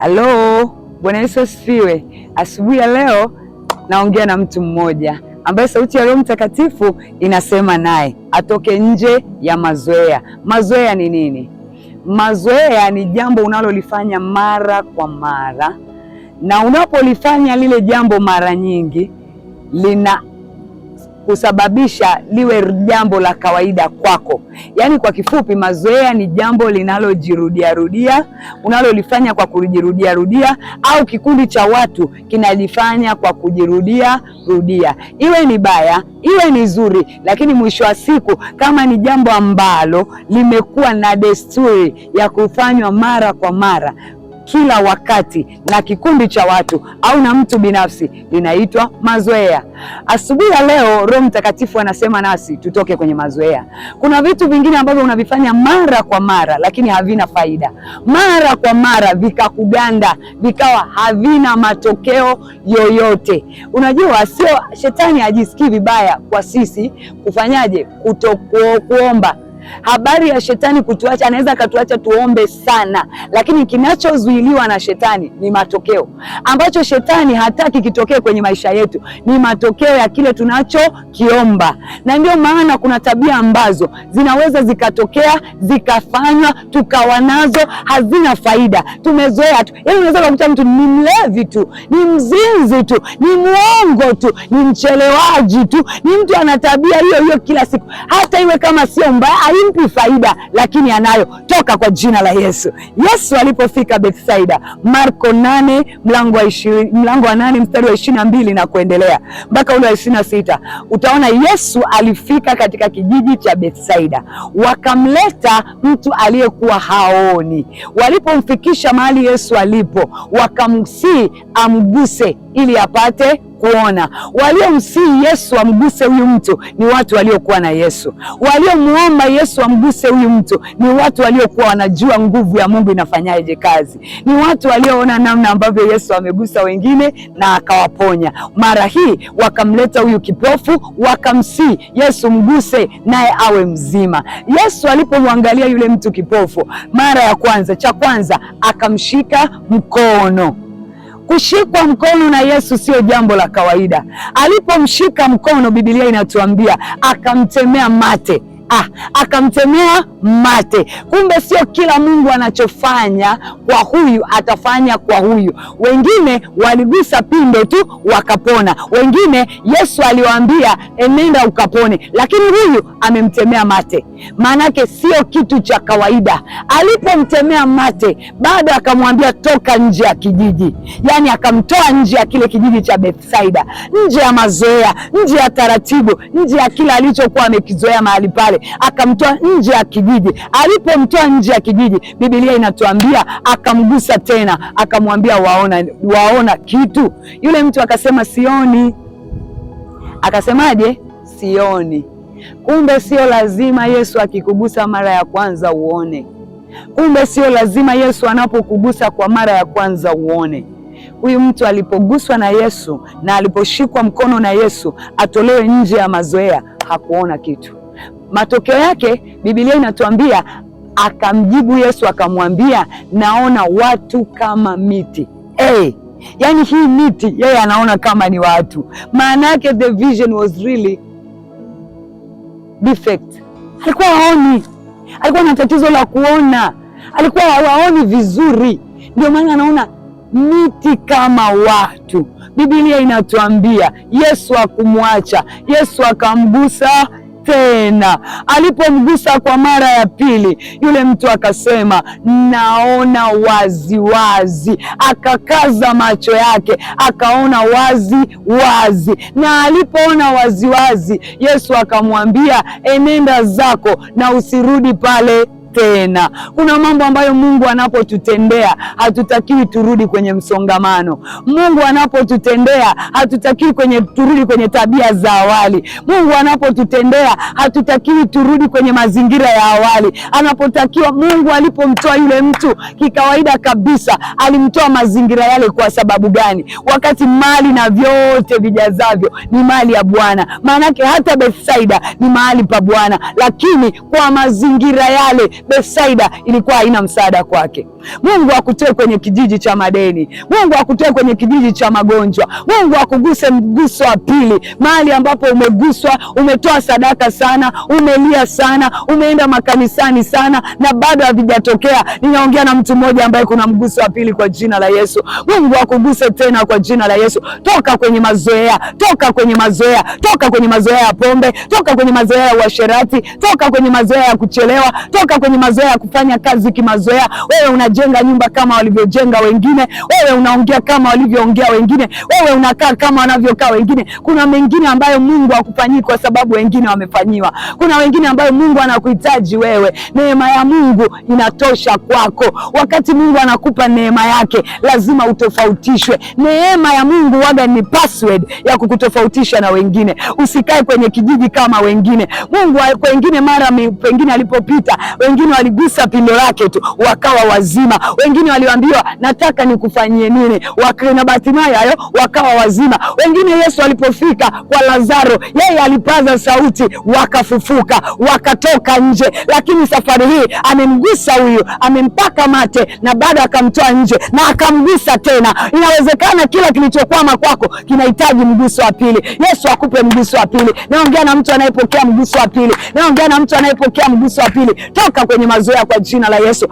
Halo, Bwana Yesu asifiwe. Asubuhi ya leo naongea na mtu mmoja ambaye sauti ya Roho Mtakatifu inasema naye atoke nje ya mazoea. Mazoea ni nini? Mazoea ni jambo unalolifanya mara kwa mara, na unapolifanya lile jambo mara nyingi lina kusababisha liwe jambo la kawaida kwako. Yaani kwa kifupi, mazoea ni jambo linalojirudia rudia, unalolifanya kwa kujirudia rudia, au kikundi cha watu kinalifanya kwa kujirudia rudia. Iwe ni baya, iwe ni zuri, lakini mwisho wa siku, kama ni jambo ambalo limekuwa na desturi ya kufanywa mara kwa mara kila wakati na kikundi cha watu au na mtu binafsi linaitwa mazoea. Asubuhi ya leo Roho Mtakatifu anasema nasi tutoke kwenye mazoea. Kuna vitu vingine ambavyo unavifanya mara kwa mara lakini havina faida, mara kwa mara vikakuganda, vikawa havina matokeo yoyote. Unajua, sio shetani hajisikii vibaya kwa sisi kufanyaje, kutokuomba habari ya shetani kutuacha, anaweza akatuacha tuombe sana, lakini kinachozuiliwa na shetani ni matokeo, ambacho shetani hataki kitokee kwenye maisha yetu, ni matokeo ya kile tunachokiomba. Na ndio maana kuna tabia ambazo zinaweza zikatokea zikafanywa, tukawa nazo, hazina faida, tumezoea tu. Yaani unaweza kukuta mtu ni mlevi tu, ni mzinzi tu, ni mwongo tu, ni mchelewaji tu, ni mtu ana tabia hiyo hiyo kila siku, hata iwe kama sio mbaya haimpi faida, lakini anayo. Toka kwa jina la Yesu. Yesu alipofika Bethsaida, Marko nane mlango wa 20, mlango wa 8 mstari wa na mbili na kuendelea mpaka ule wa ishirini sita utaona Yesu alifika katika kijiji cha Bethsaida, wakamleta mtu aliyekuwa haoni. Walipomfikisha mahali Yesu alipo, wakamsii amguse ili apate kuona. Waliomsihi Yesu amguse huyu mtu ni watu waliokuwa na Yesu. Waliomwomba Yesu amguse huyu mtu ni watu waliokuwa wanajua nguvu ya Mungu inafanyaje kazi. Ni watu walioona namna ambavyo Yesu amegusa wengine na akawaponya. Mara hii wakamleta huyu kipofu, wakamsihi Yesu mguse naye awe mzima. Yesu alipomwangalia yule mtu kipofu mara ya kwanza, cha kwanza akamshika mkono Kushikwa mkono na Yesu sio jambo la kawaida. Alipomshika mkono, Biblia inatuambia akamtemea mate. Ah, akamtemea mate. Kumbe sio kila Mungu anachofanya kwa huyu atafanya kwa huyu. Wengine waligusa pindo tu wakapona, wengine Yesu aliwaambia enenda ukapone, lakini huyu amemtemea mate. Maanake sio kitu cha kawaida. Alipomtemea mate, bado akamwambia toka nje ya kijiji, yaani akamtoa nje ya kile kijiji cha Bethsaida, nje ya mazoea, nje ya taratibu, nje ya kila alichokuwa amekizoea mahali pale akamtoa nje ya kijiji. Alipomtoa nje ya kijiji, Biblia inatuambia akamgusa tena, akamwambia waona, waona kitu? Yule mtu akasema sioni. Akasemaje? Sioni. Kumbe sio lazima Yesu akikugusa mara ya kwanza uone. Kumbe sio lazima Yesu anapokugusa kwa mara ya kwanza uone. Huyu mtu alipoguswa na Yesu na aliposhikwa mkono na Yesu atolewe nje ya mazoea, hakuona kitu. Matokeo yake Biblia inatuambia akamjibu Yesu akamwambia, naona watu kama miti hey. yani hii miti yeye yeah, anaona kama ni watu. Maana yake the vision was really defect. Alikuwa haoni, alikuwa na tatizo la kuona, alikuwa hawaoni vizuri, ndio maana anaona miti kama watu. Biblia inatuambia Yesu akumwacha, Yesu akamgusa tena. Alipomgusa kwa mara ya pili, yule mtu akasema naona wazi wazi, akakaza macho yake akaona wazi wazi, na alipoona wazi wazi, Yesu akamwambia enenda zako na usirudi pale tena. Kuna mambo ambayo Mungu anapotutendea hatutakiwi turudi kwenye msongamano. Mungu anapotutendea hatutakiwi kwenye turudi kwenye tabia za awali. Mungu anapotutendea hatutakiwi turudi kwenye mazingira ya awali. Anapotakiwa Mungu alipomtoa yule mtu kikawaida kabisa alimtoa mazingira yale kwa sababu gani? Wakati mali na vyote vijazavyo ni mali ya Bwana. Maanake hata Bethsaida ni mahali pa Bwana, lakini kwa mazingira yale Bethsaida ilikuwa haina msaada kwake. Mungu akutoe kwenye kijiji cha madeni, Mungu akutoe kwenye kijiji cha magonjwa, Mungu akuguse mguso wa pili, mahali ambapo umeguswa, umetoa sadaka sana, umelia sana, umeenda makanisani sana na bado havijatokea. Ninaongea na mtu mmoja ambaye kuna mguso wa pili kwa jina la Yesu. Mungu akuguse tena kwa jina la Yesu. Toka kwenye mazoea, toka kwenye mazoea, toka kwenye mazoea ya pombe, toka kwenye mazoea ya uasherati, toka kwenye mazoea ya kuchelewa, toka kwenye kwenye mazoea ya kufanya kazi kimazoea. Wewe unajenga nyumba kama walivyojenga wengine, wewe unaongea kama walivyoongea wengine, wewe unakaa kama wanavyokaa wengine. Kuna mengine ambayo Mungu hakufanyii kwa sababu wengine wamefanyiwa. Kuna wengine ambayo Mungu anakuhitaji wewe. Neema ya Mungu inatosha kwako. Wakati Mungu anakupa neema yake, lazima utofautishwe. Neema ya Mungu waga ni password ya kukutofautisha na wengine. Usikae kwenye kijiji kama wengine. Mungu wengine mara pengine alipopita wengine wengine waligusa pindo lake tu wakawa wazima, wengine waliambiwa nataka nikufanyie nini, wakina Bartimayo hayo wakawa wazima. Wengine Yesu alipofika kwa Lazaro, yeye alipaza sauti, wakafufuka wakatoka nje. Lakini safari hii amemgusa huyu, amempaka mate na bado akamtoa nje na akamgusa tena. Inawezekana kila kilichokwama kwako kinahitaji mguso wa pili. Yesu akupe mguso wa pili. Naongea na mtu anayepokea mguso wa pili, naongea na mtu anayepokea mguso wa pili. Toka kwenye mazoea kwa jina la Yesu.